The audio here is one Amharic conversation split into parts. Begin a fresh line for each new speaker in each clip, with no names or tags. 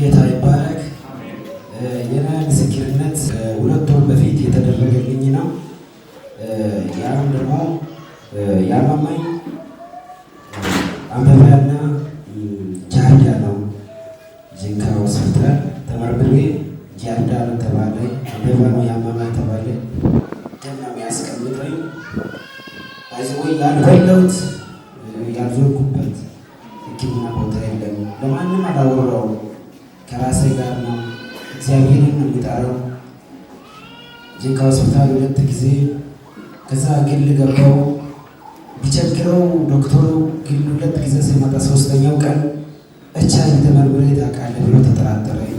ጌታ ይባረክ። የናይል ምስክርነት ሁለት ወር በፊት የተደረገልኝ ነው። ያም ደግሞ ያመማኝ አንበባና ጃርዳ ነው። ጂንካ ሆስፒታል ተመርምሬ ጃርዳ ነው ተባለ። አንበባ ነው ያመማ ተባለ። ደም ነው የሚያስቀምጠኝ ያልበላሁት ያልዞርኩበት ሕክምና ከራሴ ጋር ነው እግዚአብሔርን የሚጠራው። ጅንካ ሆስፒታል ሁለት ጊዜ ከዛ ግል ገባው ቢቸግረው ዶክተሩ ግል ሁለት ጊዜ ሲመጣ ሶስተኛው ቀን እቻ የተመርምሬ ታውቃለህ ብሎ ተጠራጠረኝ።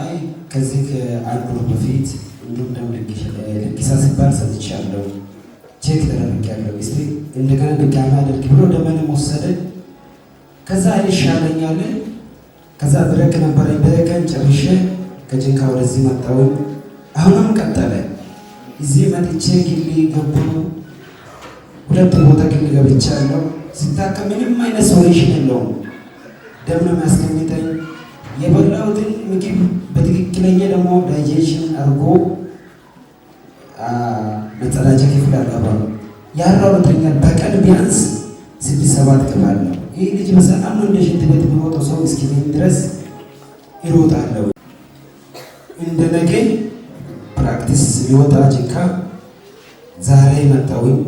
አይ ከዚህ ከአንድ ወር በፊት እንዲሁም ደግሞ ልግሳ ሲባል ሰጥቻለሁ ቼክ ተደርጌያለሁ ስ እንደገና ድጋሚ አደርግ ብሎ ደመንም ወሰደ። ከዛ ይሻለኛል ከዛ ብረክ ነበረኝ። ብረከን ጨርሼ ከጅንካ ወደዚህ መጣሁኝ። አሁንም ቀጠለ። እዚህ መጥቼ ግል ገቡ ሁለት ቦታ ግል ገብቻለሁ። ስታከም ምንም አይነት ሶሉሽን የለውም። ደም ነው የሚያስቀምጠኝ። የበላሁትን ምግብ በትክክለኛ ደግሞ ዳይጀሽን አድርጎ መጸዳጃ ክፍል አልገባም። ያራሩተኛል። በቀን ቢያንስ ስድስት ሰባት ገባለሁ ይህ ልጅ በሰላም እንደ ሽንት ቤት የሚወጣው ሰው እስኪሆን ድረስ ይሮጣለሁ። እንደ ነገ ፕራክቲስ ሊወጣ ጭቃ ዛሬ መጣሁኝ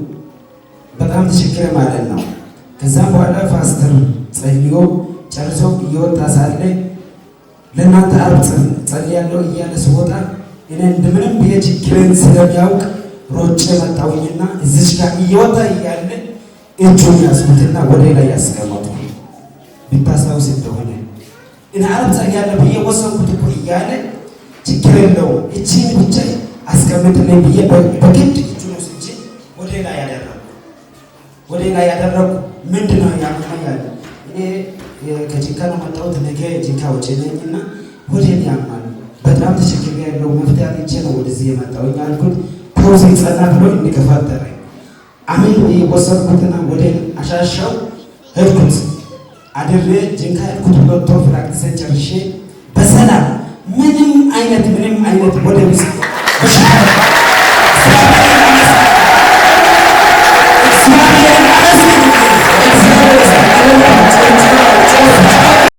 በጣም ተቸግረ ማለት ነው። ከዛም በኋላ ፓስተር ጸልዮ ጨርሶ እየወጣ ሳለ ለእናንተ አርብ ጸልያለሁ እያለ ስወጣ እኔ እንደምንም ብዬ ችግሬን ስለሚያውቅ ሮጬ መጣሁኝና እዚች ጋር እየወጣ እያለ እጁን ያዝኩትና ወደ ላይ ያስገባው የምታስታውስ እንደሆነ እኔ አረብ ጸያለሁ ብዬ ወሰንኩት እኮ እያለ ችግር የለውም እቺን ብቻ አስቀምጥልኝ ብዬ በግድ እጁን ወስጄ ወደ ላይ ያደረኩ ወደ ላይ ያደረኩ ምንድን ነው ያመጣው እኔ ከጂካ ነው መጣሁት። ነገ ጂካ ወጪ ነኝ እና ሆዴን ያማል በጣም ተቸግሬ ያለው መፍትሄ አግኝቼ ነው ወደዚህ የመጣሁኝ አልኩት። ፖዝ ይጸና ብሎ እንዲከፋተረ አሜን ወሰንኩትና ወደ አሻሻው ሄድኩት አድሬ ጅንካ ያልኩት ሁለት ወር ፍላክስ ጨርሼ በሰላም ምንም አይነት ምንም አይነት ወደ ውስጥ